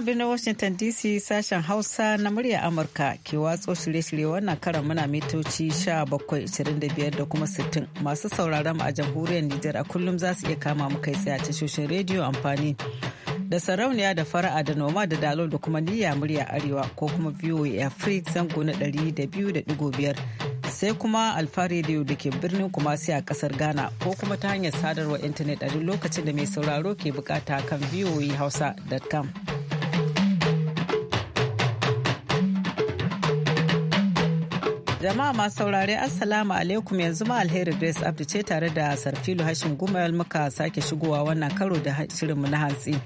birnin Washington DC sashen Hausa na murya Amurka ke watso shirye-shirye wannan karan muna mitoci 1725 da kuma 60 masu sauraron a jamhuriyar Nijar a kullum za su iya kama mu kai tsaye a tashoshin rediyo amfani da sarauniya da fara'a da noma da dalo da kuma niyya murya arewa ko kuma VOA Africa zango na 200.5 sai kuma alfa rediyo da ke birnin kumasi a kasar ghana ko kuma ta hanyar sadarwa intanet a duk lokacin da mai sauraro ke bukata kan hausa.com Jama'a masu saurare Assalamu alaikum yanzu ma alheri Grace Abdu ce tare da Sarfilu Hashim Gumayel muka sake shigowa wannan karo da shirin mu na hantsi.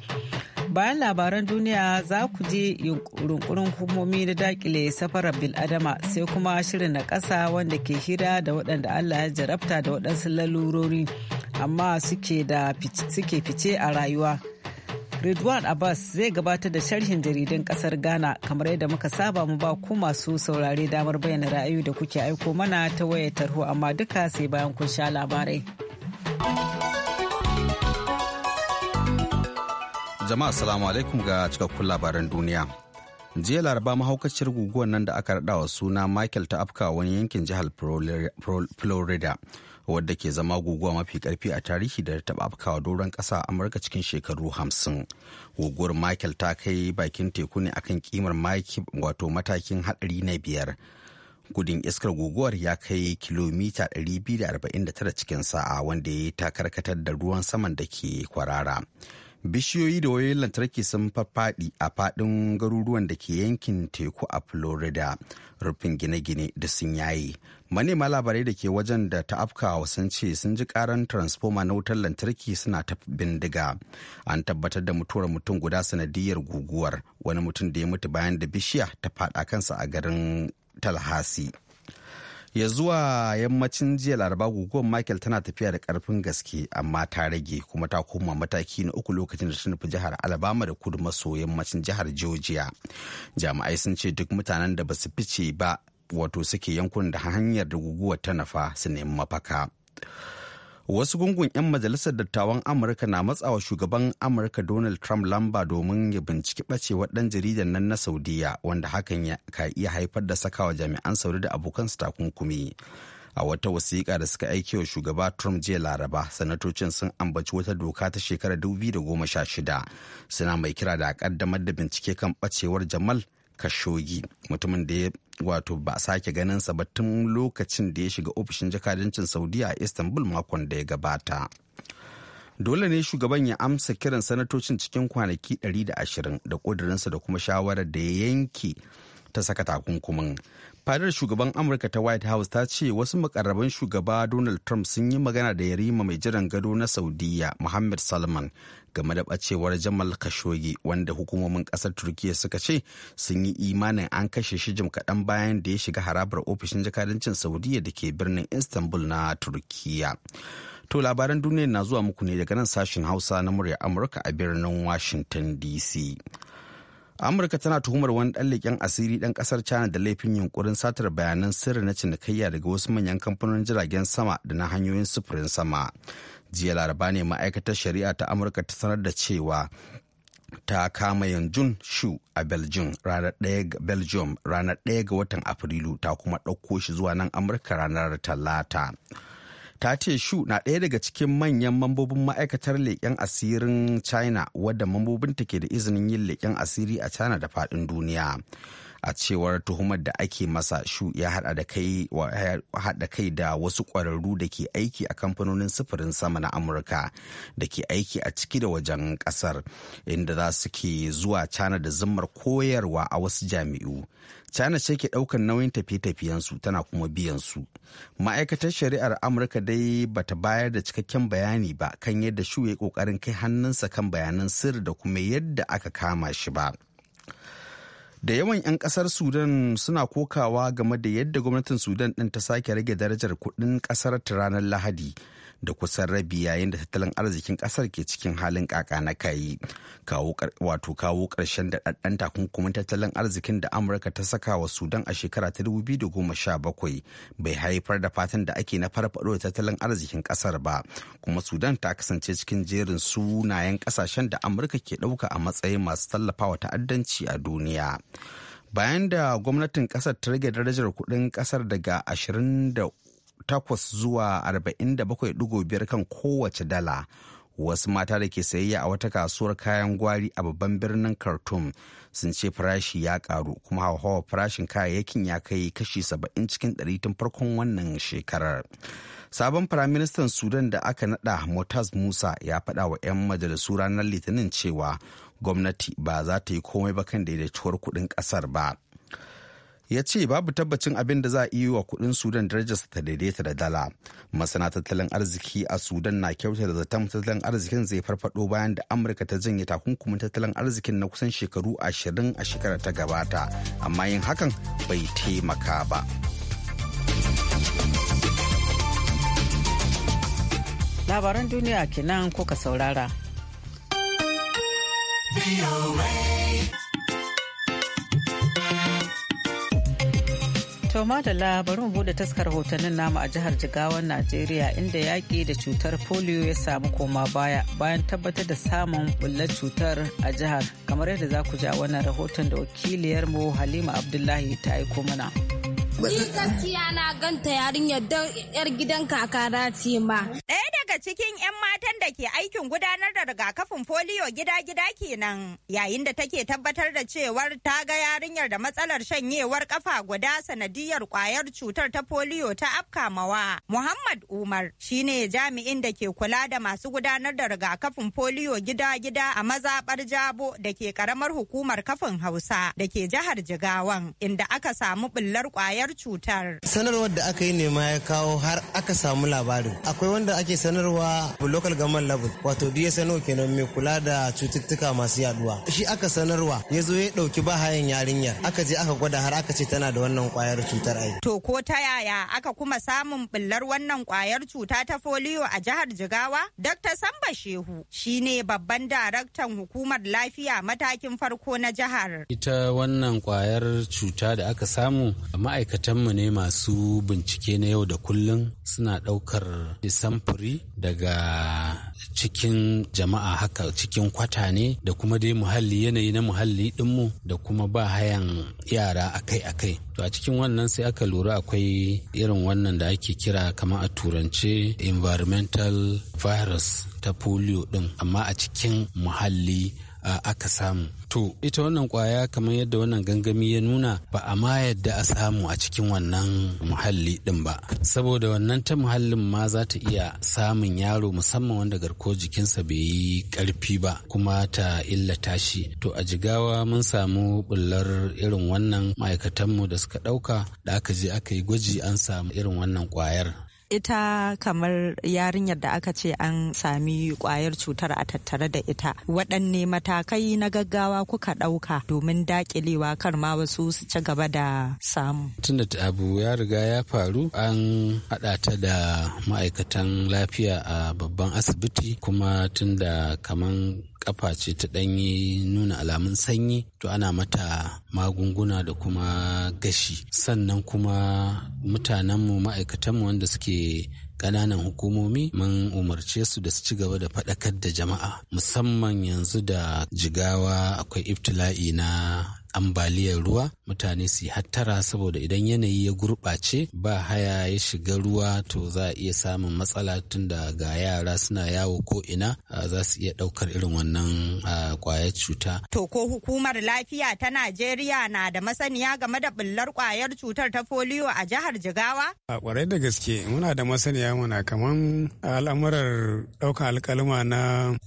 Bayan labaran duniya za ku ji yunkurin hukumomi na dakile safarar bil'adama sai kuma shirin na ƙasa wanda ke hira da waɗanda Allah ya jarabta da waɗansu lalurori amma suke fice a rayuwa. Ridwan Abbas zai gabatar da sharhin jaridan kasar Ghana kamar yadda muka saba mu ba ku masu saurare damar bayyana ra'ayoyi da kuke aiko mana ta wayar tarho amma duka sai bayan kun sha labarai. Jama'a salamu alaikum ga cikakkun labaran duniya. Jiya laraba mahaukaciyar guguwar nan da aka raɗa wa suna Michael ta afka wani yankin jihar Florida. wadda ke zama guguwa mafi karfi a tarihi da ta afkawa doron ƙasa a amurka cikin shekaru hamsin guguwar michael ta kai bakin teku ne akan kimar wato matakin haɗari na biyar gudun iskar guguwar ya kai kilomita 249 cikin sa'a wanda ya yi takarkatar karkatar da ruwan saman da ke kwarara bishiyoyi da wayoyin lantarki sun faɗi a faɗin garuruwan da ke yankin teku a florida rufin gine-gine da sun yaye manema labarai da ke wajen da ta afkawa sun ce sun ji karan transfoma na wutar lantarki suna ta bindiga an tabbatar da mutuwar mutum guda sanadiyar guguwar wani mutum da ya mutu bayan da bishiya ta faɗa kansa a garin talhasi ya zuwa yammacin jiya laraba guguwar michael tana tafiya da karfin gaske amma ta rage kuma ta koma mataki na uku lokacin da ta nufi jihar alabama da kudu maso yammacin jihar georgia jami'ai sun ce duk mutanen da ba su fice ba wato suke yankunan da hanyar da guguwar ta nafa su nemi mafaka wasu gungun 'yan majalisar dattawan amurka na matsawa shugaban amurka donald trump lamba domin ya binciki ɓacewar ɗan jaridar nan na saudiya wanda hakan ka iya haifar da sakawa jami'an saudi da abokan takunkumi a wata wasiƙa da suka aiki wa shugaba trump jiya laraba sanatocin sun ambaci wata doka ta shekarar 2016 suna mai kira da a ƙaddamar da bincike kan ɓacewar jamal kashogi mutumin da ya wato ba sake ganinsa ba tun lokacin da ya shiga ofishin jakadancin saudiya a istanbul makon da ya gabata dole ne shugaban ya amsa kiran sanatocin cikin kwanaki 120 da kudurinsa da kuma shawarar da ya yanke ta saka takunkumin fadar shugaban amurka ta white house ta ce wasu makarraban shugaba donald trump sun yi magana da yarima mai jiran gado na saudiya muhammad salman game da bacewar Jamal Khashoggi wanda hukumomin ƙasar Turkiyya suka ce sun yi imanin an kashe shi jim kaɗan bayan da ya shiga harabar ofishin jakadancin Saudiya da ke birnin Istanbul na Turkiyya. To labaran duniya na zuwa muku ne daga nan sashen Hausa na murya Amurka a birnin Washington DC. amurka tana tuhumar wani ɗan leƙen asiri ɗan ƙasar china da laifin yunkurin satar bayanan sirri na cinikayya daga wasu manyan kamfanonin jiragen sama da na hanyoyin sufurin sama jiya laraba ne ma'aikatar shari'a ta amurka ta sanar da cewa ta kama yanjun shu a belgium ranar ranar 1 ga watan afrilu ta kuma ɗauko shi zuwa nan amurka ranar talata ta ce shu na ɗaya daga cikin manyan mambobin ma'aikatar leƙen asirin china wadda mambobinta ke da izinin yin leƙen asiri a china da faɗin duniya a cewar tuhumar da ake masa shu ya haɗa kai da wasu ƙwararru da ke aiki a kamfanonin sufurin sama na amurka da ke aiki a ciki da wajen ƙasar inda za su ke zuwa cana da zumar koyarwa a wasu jami'u Cana ce ke ɗaukar nauyin tafiye-tafiyensu tana kuma biyan su ma'aikatar shari'ar amurka dai bata bayar da cikakken bayani ba kan yadda shu ya ƙoƙarin kai hannunsa kan bayanan sirri da kuma yadda aka kama shi ba. da yawan 'yan kasar sudan suna kokawa game da yadda gwamnatin sudan ɗin ta sake rage darajar kuɗin kasar ta ranar lahadi da kusan rabi yayin da tattalin arzikin kasar ke cikin halin kaka na kayi wato kawo ƙarshen da ɗanɗan takunkumin tattalin arzikin da amurka ta saka wa sudan a shekara ta 2017 bai haifar da fatan da ake na farfaɗo da tattalin arzikin kasar ba kuma sudan ta kasance cikin jerin sunayen ƙasashen da amurka ke ɗauka a matsayin masu tallafawa ta'addanci a duniya. bayan da gwamnatin kasar ta rage darajar kudin kasar daga 28 zuwa 47.5 kan kowace dala wasu mata da ke sayayya a wata kasuwar kayan gwari a babban birnin khartoum sun ce farashi ya karu kuma hauhawar farashin kayayyakin ya kai kashi 70 cikin 100 tun farkon wannan shekarar sabon firaministan sudan da aka nada motas musa ya faɗa wa 'yan majalisu ranar litinin cewa gwamnati ba za ta yi komai ba kan daidaituwar kuɗin ƙasar ba ya ce babu tabbacin abin da za a iya wa kuɗin sudan darajarsa ta daidaita da dala masana tattalin arziki a sudan na kyautar da zaton tattalin arzikin zai farfado bayan da amurka ta janye takunkumin tattalin arzikin na kusan shekaru ashirin a shekarar ta gabata amma yin hakan bai taimaka ba labaran duniya kenan kuka saurara To madalla bari mu bude taskar hotonin namu a jihar Jigawan Najeriya inda yaƙi da cutar polio ya samu koma baya bayan tabbatar da samun bullar cutar a jihar kamar yadda za ku ja wannan rahoton da wakiliyarmu Halima Abdullahi ta aiko mana. Ni gaskiya na ganta yarinyar don yar gidan kakara ce ma. Ɗaya daga cikin 'yan matan da ke aikin gudanar da rigakafin foliyo gida-gida kenan yayin da take tabbatar da cewar ta ga yarinyar da matsalar shanyewar kafa guda sanadiyar kwayar cutar ta foliyo ta afkamawa. Muhammad Umar shine jami'in da ke kula da masu gudanar da rigakafin foliyo gida-gida a mazaɓar Jabo da ke karamar hukumar kafin Hausa da ke jihar Jigawan inda aka samu ɓullar kwayar cutar. Sanarwar da aka yi nema ya kawo har aka samu labarin. Akwai wanda ake sanarwa local government level wato DSNO kenan mai kula da cututtuka masu yaduwa. Shi aka sanarwa ya zo ya ɗauki bahayan yarinyar aka je aka gwada har aka ce tana da wannan kwayar cutar ai. To ko ta yaya aka kuma samun billar wannan kwayar cuta ta folio a jihar Jigawa? Dr. Samba Shehu shi ne babban daraktan hukumar lafiya matakin farko na jihar. Ita wannan kwayar cuta da aka samu ma'aikata ma'aikatanmu ne masu bincike na yau da kullum suna ɗaukar samfuri daga cikin jama'a haka cikin kwata ne da kuma dai muhalli yanayi na muhalli ɗinmu da kuma ba hayan yara akai-akai. To a cikin wannan sai aka lura akwai irin wannan da ake kira kama a turance environmental virus ta polio ɗin amma a cikin muhalli aka samu to ita wannan kwaya kamar yadda wannan gangami ya nuna ba a ma yadda a samu a cikin wannan muhalli ɗin ba saboda wannan ta muhallin ma za ta iya samun yaro musamman wanda garko jikinsa bai yi karfi ba kuma ta illata shi to a jigawa mun samu bullar irin wannan ma'aikatanmu da suka ɗauka da aka je aka yi gwaji an samu irin wannan kwayar ita kamar yarinyar da aka ce an sami kwayar cutar a tattare da ita waɗanne matakai na gaggawa kuka ɗauka domin daƙilewa kar ma wasu su ci gaba da samu tunda abu ya riga ya faru an haɗa ta da ma'aikatan lafiya a babban asibiti kuma tunda kaman kafa ce ta ɗanyi nuna alamun sanyi to ana mata magunguna da kuma gashi sannan kuma mutanenmu ma'aikatanmu wanda suke ƙananan hukumomi mun umarce su da su ci gaba da faɗakar da jama'a musamman yanzu da jigawa akwai iftila'i na ambaliyar ruwa mutane su hattara saboda idan yanayi ya gurɓace ba haya ya shiga ruwa to za a iya samun matsala tun da ga yara suna yawo ko ina za su iya ɗaukar irin wannan kwayar cuta. To ko hukumar lafiya ta Najeriya na da masaniya game da bullar kwayar cutar ta foliyo a jihar Jigawa? A kwarai da gaske muna da masaniya muna kaman al'amurar ɗaukar alƙaluma na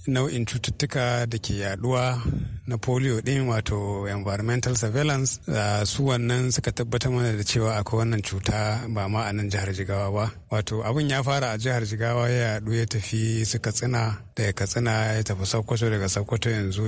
nau'in cututtuka da ke yaduwa na foliyo ɗin wato environment environmental surveillance su wannan suka tabbatar mana da cewa akwai wannan cuta ba ma a nan jihar jigawa ba wato abin ya fara a jihar jigawa ya yaɗu ya tafi suka tsina daga katsina ya tafi sokoto daga sokoto yanzu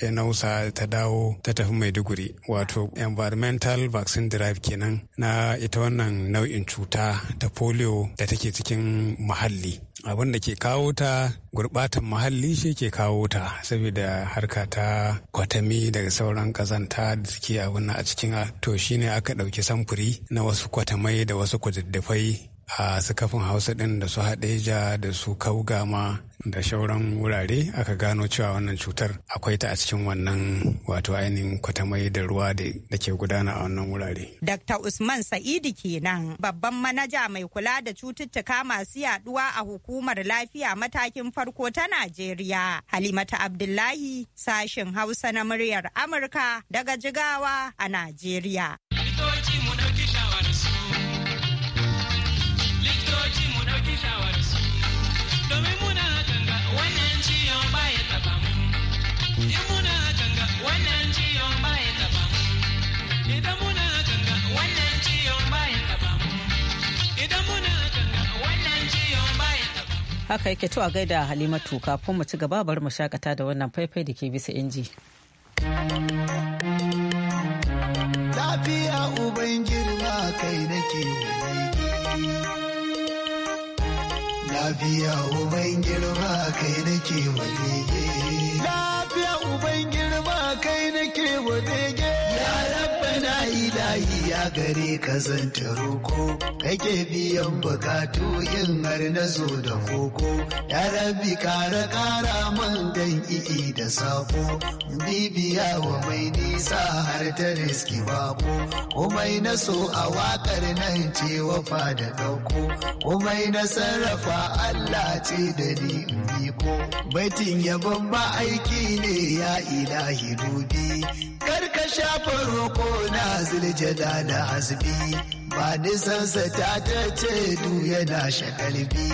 ya nausa ta dawo ta tafi maiduguri wato environmental vaccine drive kenan na ita wannan nau'in cuta ta polio da take cikin muhalli abin da ke kawo ta gurbatan muhalli shi ke kawo ta saboda harka ta kwatami daga sauran kazanta da suke abin a cikin to shine aka ɗauki samfuri na wasu kwatamai da wasu kududdufai a kafin hausa ɗin da su haɗeja da su kaugama da shauran wurare aka gano cewa wannan cutar akwai ta a cikin wannan wato ainihin kwatamai da ruwa da ke gudana a wannan wurare. Dr. Usman Sa'idu kenan babban manaja mai kula da cututtuka masu yaduwa a hukumar lafiya matakin farko ta Najeriya. Halimata Abdullahi sashen Hausa na muryar Amurka daga Jigawa a Najeriya. haka yake to a gaida halimatu kafin mu ci gaba bari mu shakata da wannan faifai da ke bisa inji lafiya uban girma kai nake lafiya kai nake wani bege ya rabbana ilahi ya gare ka zanta roko kake biyan bukatu yin har na zo da koko ya rabbi kara kara man dan i'i da sako bibiya wa mai nisa har ta riski bako komai na so a wakar nan ce wafa da dauko komai na sarrafa Allah ce da ni in ko baitin yabon ba aiki ne ya ilahi dubi shafin roko na ziljada da hasbi ba nisansa ta ta ce du yana shakalbi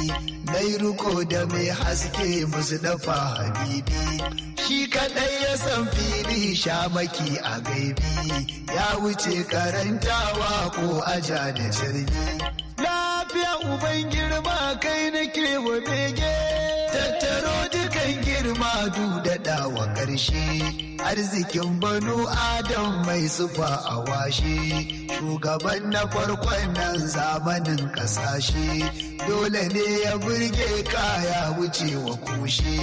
mai ruko da mai haske musu dafa habibi shi kaɗai ya san fili shamaki a gaibi ya wuce karantawa ko aja da jirgi lafiya uban girma kai nake wa bege karshe arzikin banu adam mai sufa a washe shugaban na farkon nan zamanin kasashe dole ne ya burge kaya wucewa kushe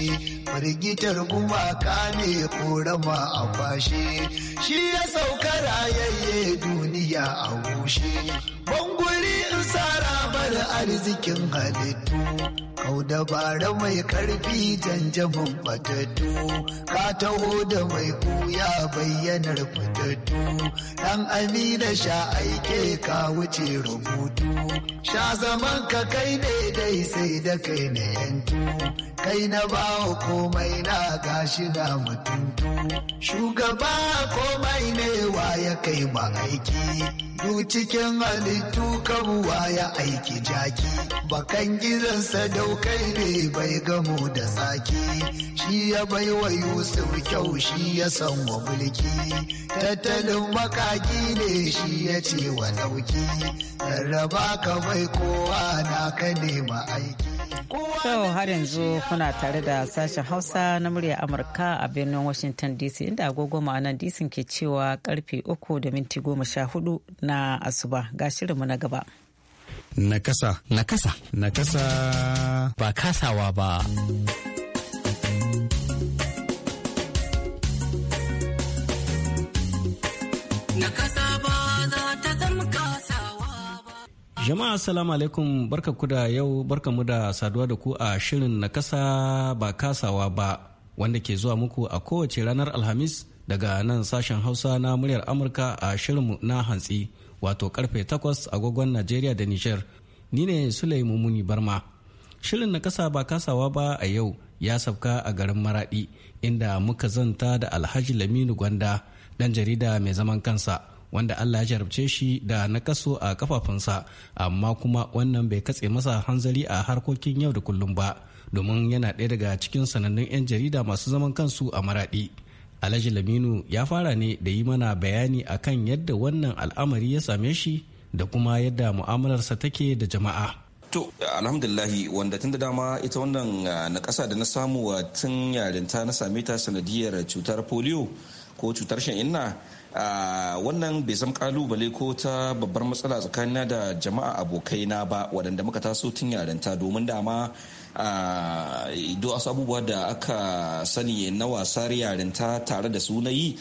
firgitar gumaka ne korama a kwashe shi ya sauka rayayye duniya a gushe banguri in sara bar arzikin halittu Hau dabara mai karfi janjabin fatattu, ka taho da mai kuya bayyanar fatattu, ɗan amina sha aike ka wuce rubutu, sha zaman ka kai ne dai sai da kai na yantu. kai na bawa komai na gashi na mutuntu shugaba komai ne wa ya kai ma aiki du cikin halittu kabuwa ya aiki jaki bakan gizansa dau kai ne bai gamo da tsaki shi ya bai wa yusuf kyau shi ya san wa mulki tattalin makaki ne shi ya ce wa dauki rarraba ka mai kowa na ka nema aiki To har yanzu kuna tare da sashen Hausa na murya Amurka a birnin Washington DC inda agogo ma'anan DC ke cewa karfe 3 da minti 14 na asuba ga shirinmu na gaba. Nakasa. Nakasa. Nakasa. Ba kasawa ba. Jama'a salamu alaikum barka ku da yau barka mu da saduwa da ku a shirin na kasa ba kasawa ba wanda ke zuwa muku a kowace ranar Alhamis daga nan sashen Hausa na muryar Amurka a shirinmu na hantsi. wato karfe 8 agogon Najeriya da Nijar. Ni ne Sulaimu Muni Barma. Shirin na kasa ba kasawa ba a yau ya sabka a garin Maradi inda muka zanta da Alhaji Laminu Gwanda dan jarida mai zaman kansa wanda Allah ya jarabce shi da nakaso a kafafunsa amma kuma wannan bai katse masa hanzari a harkokin yau da kullum ba domin yana ɗaya daga cikin sanannun 'yan jarida masu zaman kansu a Maradi. Alhaji Laminu ya fara ne da yi mana bayani akan yadda wannan al'amari ya same shi da kuma yadda mu'amalarsa take da jama'a. To, alhamdulillahi wanda tun da dama ita wannan ah, na ƙasa da na samu ah, tun yarinta na same ta sanadiyar cutar polio ko cutar shan inna ah, wannan bai zama kalubale ko ta babbar matsala tsakanina da jama'a abokaina ba waɗanda muka taso tun yarinta domin dama Ah, duk wasu abubuwa da aka sani na wasar yarinta tare da sunayi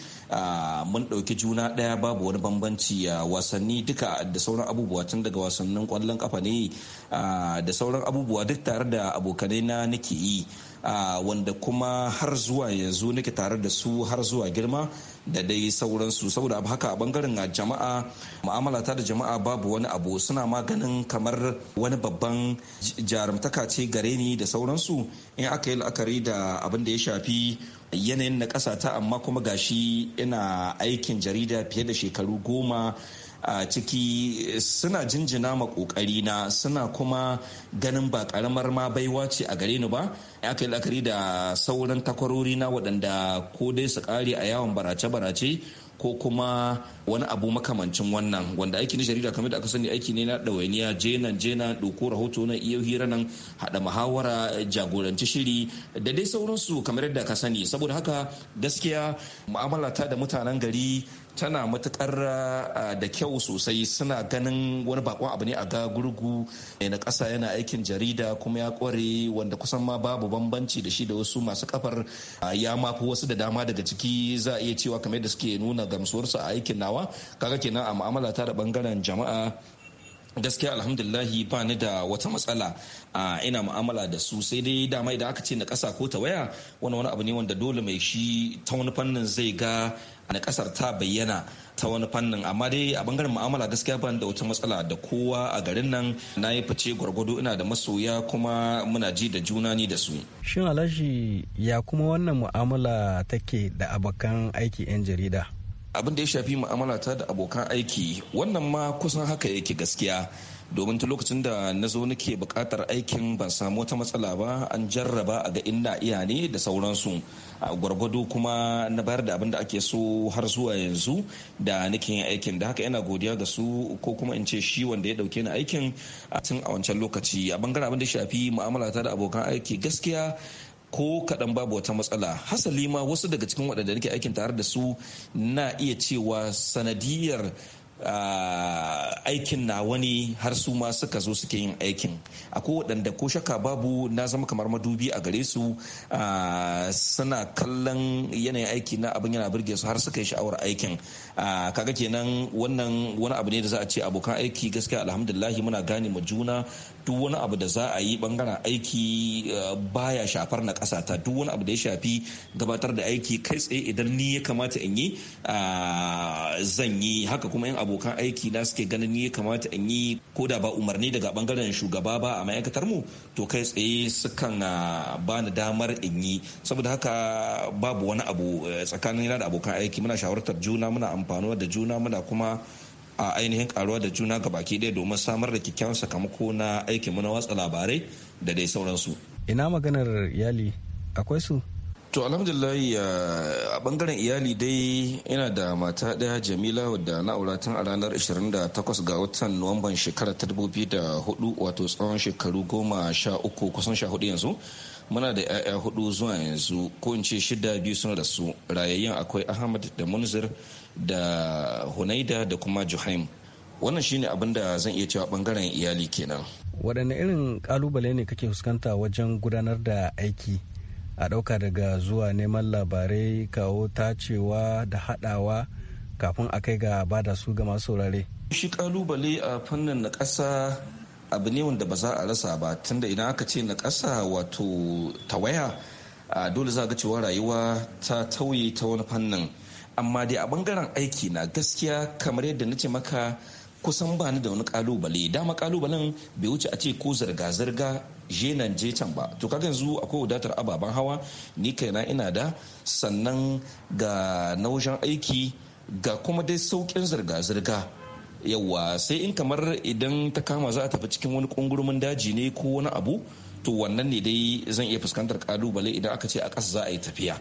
mun ɗauki juna ɗaya babu wani bambanci wasanni duka da sauran abubuwa tun daga wasannin ƙwallon kafa ne da sauran abubuwa duk tare da abokanai na nake yi wanda kuma har zuwa yanzu nake tare da su har zuwa girma da dai sauransu saboda haka a bangaren jama'a mu'amala ta da jama'a babu wani abu suna maganin kamar wani babban jarumtaka ce gare ni da sauransu in aka yi la'akari da abin da ya shafi yanayin na ƙasa ta amma kuma gashi ina aikin jarida fiye da shekaru goma a ciki suna jinjina ma kokari na suna kuma ganin ba ƙaramar ma baiwa ce a gare ni ba ya yi la'akari da sauran takwarori na waɗanda ko dai su ƙare a yawon barace-barace ko kuma wani abu makamancin wannan wanda aiki na jarida kamar da aka sani aiki ne na ɗawainiya jenan jenan ɗauko rahoto na iya hira nan haɗa muhawara jagoranci shiri da dai sauransu kamar yadda ka sani saboda haka gaskiya mu'amala ta da mutanen gari tana matukar da kyau sosai suna ganin wani bakon abu ne a ga gurgu eh, na ƙasa yana aikin jarida kuma ya kware wanda kusan ma babu bambanci da shi da wasu masu kafar ya mafi wasu da dama daga ciki za a iya cewa kamar da suke nuna gamsuwarsu a aikin nawa kaga kenan a mu'amala ta da bangaren jama'a gaskiya alhamdulillahi ba ni da wata matsala a ina mu'amala da su sai dai dama idan aka ce na ƙasa ko ta waya wani wani abu ne wanda dole mai shi ta wani fannin zai ga na ƙasar ta bayyana ta wani fannin amma dai a bangaren mu'amala gaskiya ba da wata matsala da kowa a garin nan na yi fice gwargwado ina da masoya kuma muna ji da juna ni da su shin alhaji ya kuma wannan mu'amala take da abokan aiki 'yan jarida abin da ya shafi mu'amala ta da abokan aiki wannan ma kusan haka yake gaskiya domin ta lokacin da na zo nake bukatar aikin ban samu wata matsala ba an jarraba a ga inda iya ne da sauransu a gwargwado kuma na bayar da abin da ake so har zuwa yanzu da nake yin aikin da haka yana godiya ga su ko kuma in ce shi wanda ya dauke ni aikin a tun a wancan lokaci a bangaren abin da shafi mu'amala ta da abokan aiki gaskiya ko kaɗan babu wata matsala hasali ma wasu daga cikin waɗanda nake aikin tare da su na iya cewa sanadiyar aikin na wani har su ma suka zo suke yin aikin akwai waɗanda ko shaka babu na zama kamar madubi a gare su suna kallon yanayin aiki na abin yana birge su har suka yi sha'awar aikin kaga kenan wannan wani abu ne da za a ce abokan aiki gaskiya alhamdulillahi muna gane mu juna duk wani abu da za a yi bangaren aiki eh, baya shafar na ƙasa ta duk wani abu da ya shafi gabatar da aiki kai tsaye idan ni ya kamata in yi ah, zan yi haka kuma yan abokan aiki na suke ganin ni ya kamata in yi ko da ba umarni daga bangaren shugaba ba a ma'aikatar mu to kai tsaye sukan ah, ba ni damar in yi saboda haka babu wani abu eh, tsakanin da abokan aiki muna shawartar juna muna amfanuwa da juna muna kuma a ainihin karuwa da juna ga baki ɗaya domin samar da kyakkyawan sakamako na aikin mu na watsa labarai da dai sauransu ina maganar iyali akwai su to alhamdulillahi a bangaren iyali dai ina da mata ɗaya jamila wadda na aura tun a ranar 28 ga watan nuwamban shekarar 2004 wato tsawon shekaru goma sha uku kusan sha hudu yanzu muna da 'ya'ya hudu zuwa yanzu ko in ce shida biyu sun rasu rayayyen akwai ahmad da munzir da hunaida da kuma juhaim wannan shine abin da zan iya cewa bangaren iyali kenan waɗanne irin kalubale ne kake fuskanta wajen gudanar da aiki a ɗauka daga zuwa neman labarai kawo tacewa da haɗawa kafin a kai ga bada su ga masu saurare shi kalubale a fannin na ƙasa abu ne wanda ba za a rasa ba tunda idan aka ce na ƙasa wato tawaya a dole za a ga cewa rayuwa ta tauye ta wani fannin amma dai a bangaren aiki na gaskiya kamar yadda na ce maka kusan ba ni da wani kalubale dama kalubalen bai wuce a ce ko zirga-zirga je nan je can ba to kaga yanzu akwai wadatar ababen hawa ni kaina ina da sannan ga na wajen aiki ga kuma dai saukin zirga-zirga yawwa sai in kamar idan ta kama za a tafi cikin wani kungurumin daji ne ko wani abu to wannan ne dai zan iya fuskantar kalubale idan aka ce a ƙasa za a yi tafiya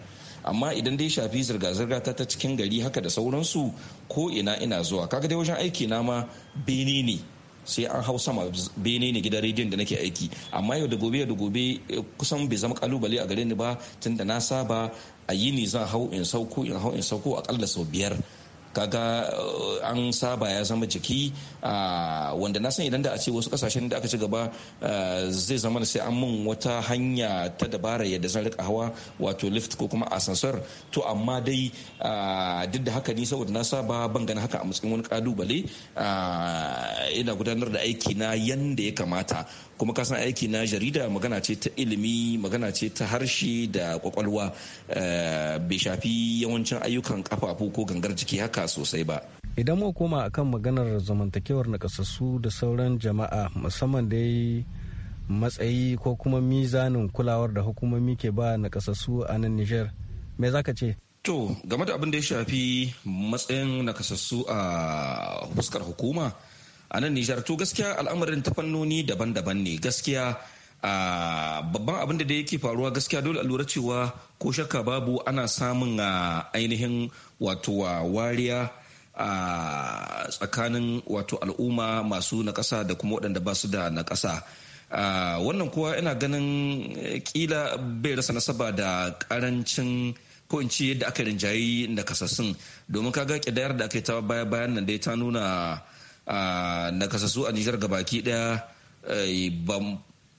amma idan dai shafi zirga-zirga ta ta cikin gari haka da sauransu ko ina ina zuwa kaga dai wajen aiki na ma bene ne sai an hau sama bene ne gidan rediyon da nake aiki amma yau da gobe da gobe eh, kusan bai zama kalubale a gare ni ba tunda na saba a yini zan hau in sauko in hau in sauko akalla sau biyar kaga eh, an saba ya zama jiki ah, wanda na san idan da a ce wasu kasashen da aka ci gaba eh, zai zama sai an mun wata hanya ta dabara yadda zan rika hawa wato lift ko kuma asansar to amma dai ah, duk da haka ni saboda na saba ban gani haka a matsayin wani kalubale ah, ina gudanar da aiki na yanda ya kamata kuma ka san aiki na jarida magana ce ta ilimi magana ce ta harshe da kwakwalwa eh, bai shafi yawancin ayyukan kafafu ko gangar jiki haka sosai ba idan mu koma akan maganar zamantakewar nakasassu da sauran jama'a musamman da matsayi ko kuma mizanin kulawar da hukumomi ke ba nakasassu a nan nijar me zaka ce to game da abin da ya shafi matsayin nakasassu a fuskar hukuma a nan nijar to gaskiya al'amarin ta fannoni daban-daban ne gaskiya babban abin da da yake faruwa gaskiya dole a lura cewa ko shakka babu ana samun ainihin wato wariya a tsakanin wato al'umma masu na ƙasa da kuma waɗanda ba su da na ƙasa wannan kuwa ina ganin eh, ƙila bai rasa nasaba da ƙarancin ko in ce yadda aka rinjayi kasassun domin kaga ƙidayar da aka yi ta baya bayan nan dai ta nuna Ah, na kasasu a nijar gabaki daya eh,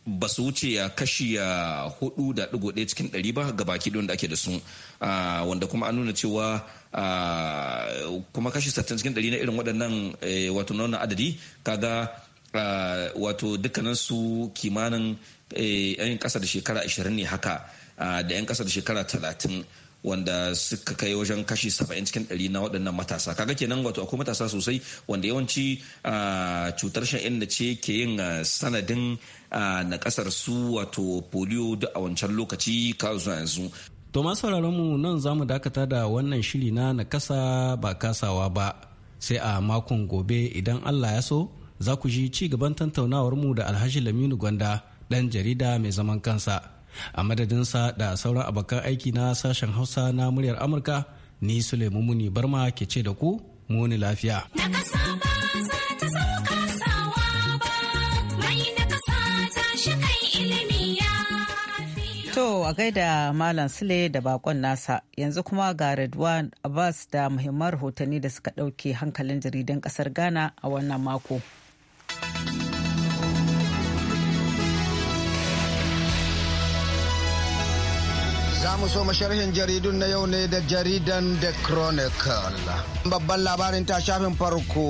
ba su wuce ya kashi ya hudu da digo ɗaya cikin ɗari ba ga baki da ake da su ah, wanda kuma an nuna cewa ah, kuma kashi sattin cikin ɗari na irin waɗannan eh, wato na adadi kaga wato dukkanin su kimanin eh, 'yan ƙasa da shekara 20 ne haka da 'yan ƙasa da shekara 30 wanda suka kai wajen kashi 70 cikin 100 na waɗannan matasa kaga kenan wato akwai matasa sosai wanda yawanci ah, cutar shan ce ke yin ah, sanadin ah, na kasar su wato polio duk a wancan lokaci ka zuwa yanzu to masu mu nan za mu dakata da wannan shiri na na kasa ba kasawa ba sai a makon gobe idan allah ya so za ku ji ci gaban tantaunawar mu da alhaji laminu gwanda dan jarida mai zaman kansa a madadin sa da sauran abokan aiki na sashen hausa na muryar amurka ni suleiman muni barma ke ce da ku muni lafiya To a gaida Malam Sule da bakon nasa yanzu kuma ga Redwan Abbas da muhimman rahotanni da suka ɗauke hankalin jaridan ƙasar Ghana a wannan mako. mu so masharhin jaridun na yau ne da jaridan The Chronicle. Babban labarin ta shafin farko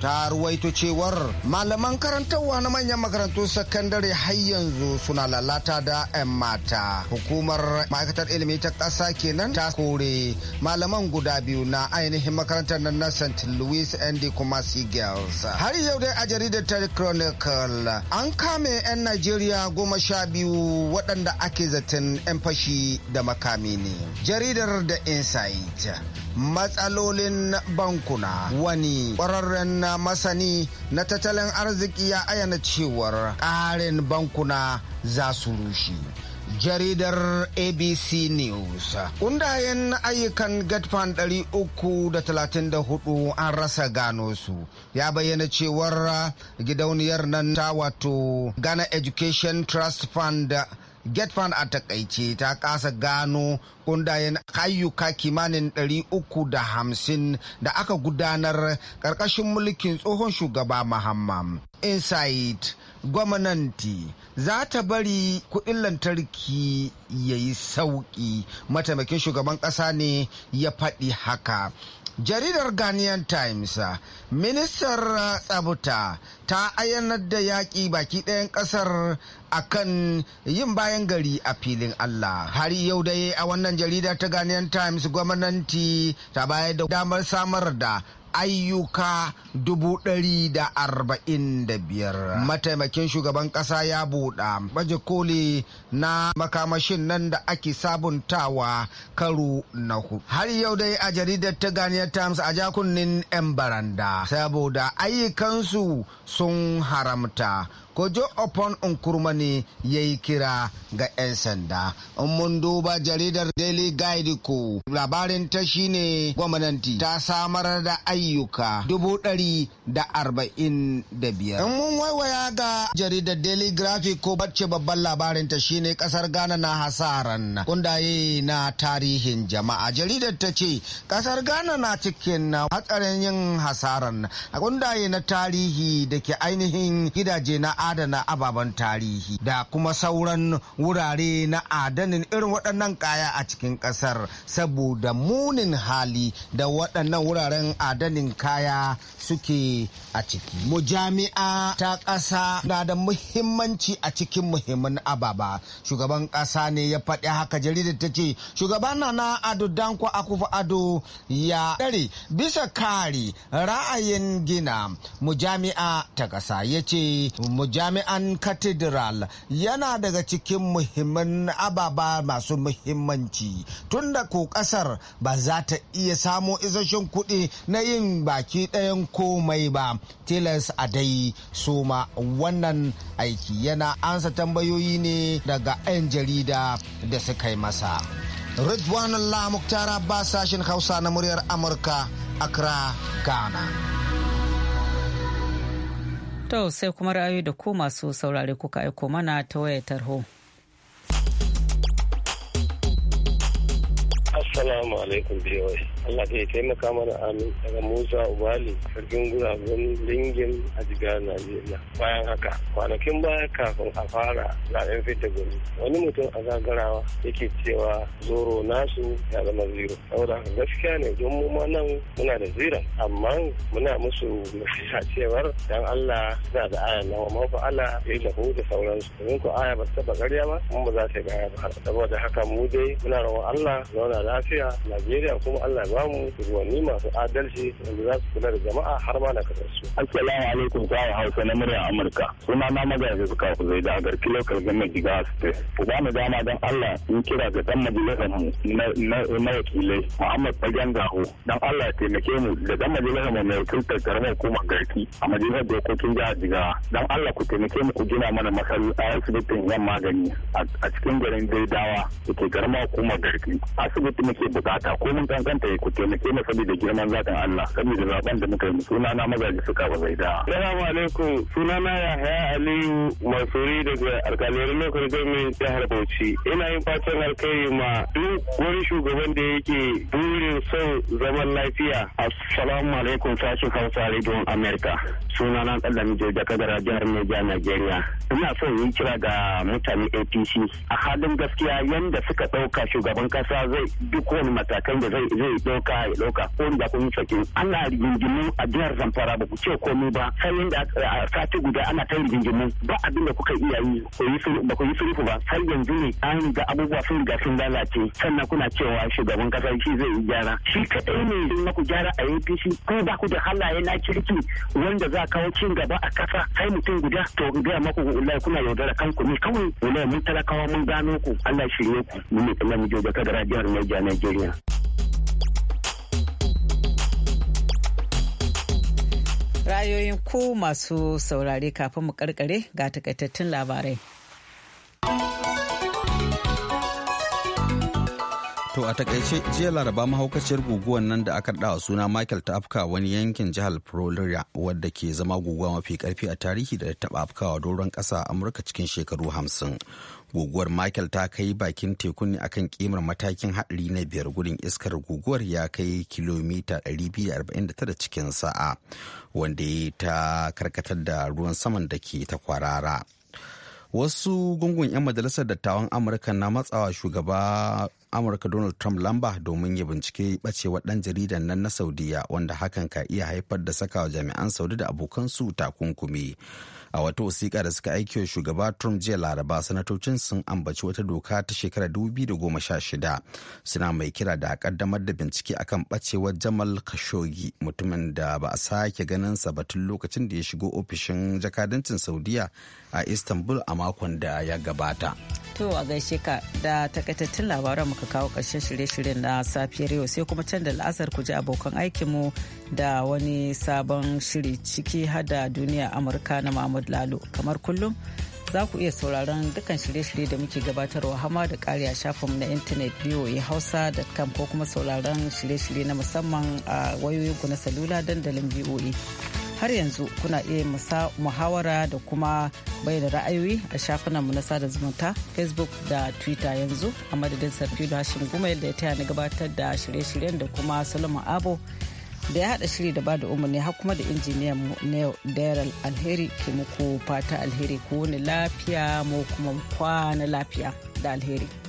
ta ruwaito cewar malaman karantarwa na manyan makarantu sakandare har yanzu suna lalata da 'yan mata. Hukumar ma'aikatar ilimi ta ƙasa kenan ta kore malaman guda biyu na ainihin makarantar nan na St. Louis and the Kumasi Girls. Har yau dai a jaridar The Chronicle an kame 'yan Najeriya goma sha biyu waɗanda ake zaton 'yan fashi da makami ne jaridar da insight matsalolin bankuna wani ƙwararren masani na tattalin arziki ya ayyana cewar karin bankuna za su rushe jaridar abc news kundayen ayyukan gatfan 334 an rasa gano su ya bayyana cewar gidauniyar nan ta wato ghana education trust fund get a takaice ta kasa gano kundayen ayyuka kimanin 350 da aka gudanar karkashin mulkin tsohon shugaba muhammad insight gwamnati za ta bari kudin lantarki ya yi sauki mataimakin shugaban kasa ne ya faɗi haka jaridar ghanaian times ministar uh, tsabuta ta ayyanar da yaƙi baki ɗayan ƙasar a kan yin bayan gari a filin Allah. Har yau da a wannan jarida ta Ghanaian Times gwamnati ta bayar da damar samar da ayyuka dubu ɗari da arba'in da biyar. Mataimakin shugaban ƙasa ya buɗa baje koli na makamashin nan da ake sabuntawa karo na hudu. Har yau dai a jaridar ta Ghanaian Times a jakunnin 'yan baranda saboda ayyukansu sun haramta. Ko jo upon nkurmani ya yi kira ga 'yan sanda mun duba jaridar daily guide ko labarin ta shine gwamnati ta samar da ayyuka dubu ɗari da arba'in da biyar in mun waiwaya ga jaridar daily graphic ko bacce babban labarin ta shine kasar ghana na hasaran kundaye na tarihin jama'a jaridar ta ce kasar ghana na cikin hatsarin yin hasaran kundaye na tarihi da ke ainihin gidaje na adana ababen tarihi da kuma sauran wurare na adanin irin waɗannan kaya a cikin ƙasar saboda munin hali da waɗannan wuraren adanin kaya suke a ciki. mu jami'a ta ƙasa na da muhimmanci a cikin muhimman ababa. Shugaban ƙasa ne ya faɗi haka jaridar ta ce, Shugaban na Ado Danko Akufa Ado ya ɗare bisa kare ra'ayin gina mu jami'a ta ƙasa ya ce jami'an cathedral yana daga cikin muhimman ababa masu muhimmanci tunda ko kasar ba za ta iya samo isasshen kuɗi na yin baki ɗayan komai ba tilas a dai su ma wannan aiki yana ansa tambayoyi ne daga 'yan jarida da suka yi masa ridwanullah muktar ba sashen hausa na muryar amurka accra ghana To sai kuma ra'ayoyi da ku masu saurare kuka aiko mana ta waya tarho. Assalamu alaikum biyoyi. Allah ya taimaka mana amin daga Musa Ubali sarkin guragun dingin a jigar Najeriya. Bayan haka kwanakin baya kafin a fara zaben fita gari wani mutum a zagarawa yake cewa zoro nasu ya zama zero. Saboda gaskiya ne don mu ma nan muna da zira amma muna musu nasiha cewar dan Allah suna da aya na wa mafi Allah ya yi lahu da sauransu. Domin ko aya ba ta taba karya ba mun ba za ta gaya ba. Saboda haka mu dai muna rawar Allah zauna lafiya Najeriya kuma Allah ya bamu shugabanni masu adalci wanda za su kula da jama'a har ma na kasar su. Assalamu alaikum ta Hausa na muryar Amurka. Suna na magaji suka ku zai da garki lokal gama jiga site. Ku ba mu dama don Allah in kira ga dan majalisar mu na wakilai Muhammad Fagen Gaho. Dan Allah taimake mu da dan majalisar mu mai wakiltar karamar hukumar garki a majalisar dokokin jihar Jigawa. dan Allah ku taimake mu ku gina mana masallaci asibitin yan magani a cikin garin Daidawa da ke karamar hukumar garki. Asibiti muke bukata ko mun kankanta ya ku taimake mu saboda girman zakan Allah saboda zaben da muka yi suna na mazaji suka ba zai da. Assalamu alaikum suna na Yahaya Aliyu Mansuri daga alkaliyar lokacin gwamnatin jihar Bauchi ina yin fatan alkai ma duk wani shugaban da yake burin son zaman lafiya. Assalamu alaikum sashin Hausa Radio America suna na Kallami Joja Kadara jihar Niger Nigeria ina son yin kira ga mutane APC a halin gaskiya yanda suka ɗauka shugaban kasa zai duk wani matakan da zai zai loka ya ɗauka ko riga kun sakin ana rigingimu a jihar zamfara ba ku ce komai ba sai yanda a sati guda ana ta rigingimu ba abin da kuka iya yi ba ku yi sulhu ba har yanzu ne an ga abubuwa sun riga sun lalace sannan kuna cewa shugaban kasa shi zai yi gyara shi kaɗai ne in ku gyara a APC ko ba ku da halaye na kirki wanda za kawo cin gaba a kasa sai mutum guda to gaya maku wallahi kuna yaudara kanku ne kawai wallahi mun talakawa mun gano ku Allah shirye ku mun ne kallon mu je da kadara jihar Najeriya. Rayoyin ku masu saurare kafin mu karkare ga takaitattun labarai. To a takaice jiya laraba mahaukaciyar guguwar nan da aka dawa suna Michael ta afka wani yankin jihar Florida wadda ke zama guguwa mafi karfi a tarihi da ta afkawa doron ƙasa Amurka cikin shekaru hamsin. Guguwar Michael ta kai bakin teku ne akan kimar matakin haɗari na biyar gudun iskar guguwar ya kai kilomita 249 cikin sa'a wanda ta karkatar da ruwan saman da ke ta kwarara. wasu gungun 'yan majalisar dattawan amurka na matsawa shugaba amurka donald trump lamba domin ya bincike bacewa dan jaridan nan na saudiya wanda hakan ka iya haifar da saka jami'an saudi da abokansu takunkumi a wata wasiƙa da suka aiki wa shugaba trump jiya laraba sanatocin sun ambaci wata doka ta shekarar 2016 suna mai kira da kaddamar da bincike akan bacewar jamal khashoggi mutumin da ba a sake sa ba tun lokacin da ya shigo ofishin jakadancin saudiya a istanbul a makon da ya gabata to a gaishe ka da takaitattun labaran muka kawo karshen shirye-shiryen na safiyar yau sai kuma can da la'asar ku ji abokan aikinmu da wani sabon shiri ciki hada duniya amurka na mahmud Lalo. Kamar kullum za ku iya sauraron dukkan shirye-shirye da muke gabatarwa hama da kari a shafinmu na intanet voa hausa.com ko kuma sauraron shirye-shirye na musamman a wayoyinku na salula dandalin voa har yanzu kuna iya muhawara da kuma bayyana ra'ayoyi a shafinanmu na sada zumunta facebook da twitter yanzu a madadin sarfilo hashin gumel da ya taya na gabatar da shirye-shiryen da kuma solomon abo da ya haɗa shiri da ba da umarni har kuma da injiniyan mu na Daryl Alheri ke muku fata alheri ko wani lafiya mu kuma kwana lafiya da alheri.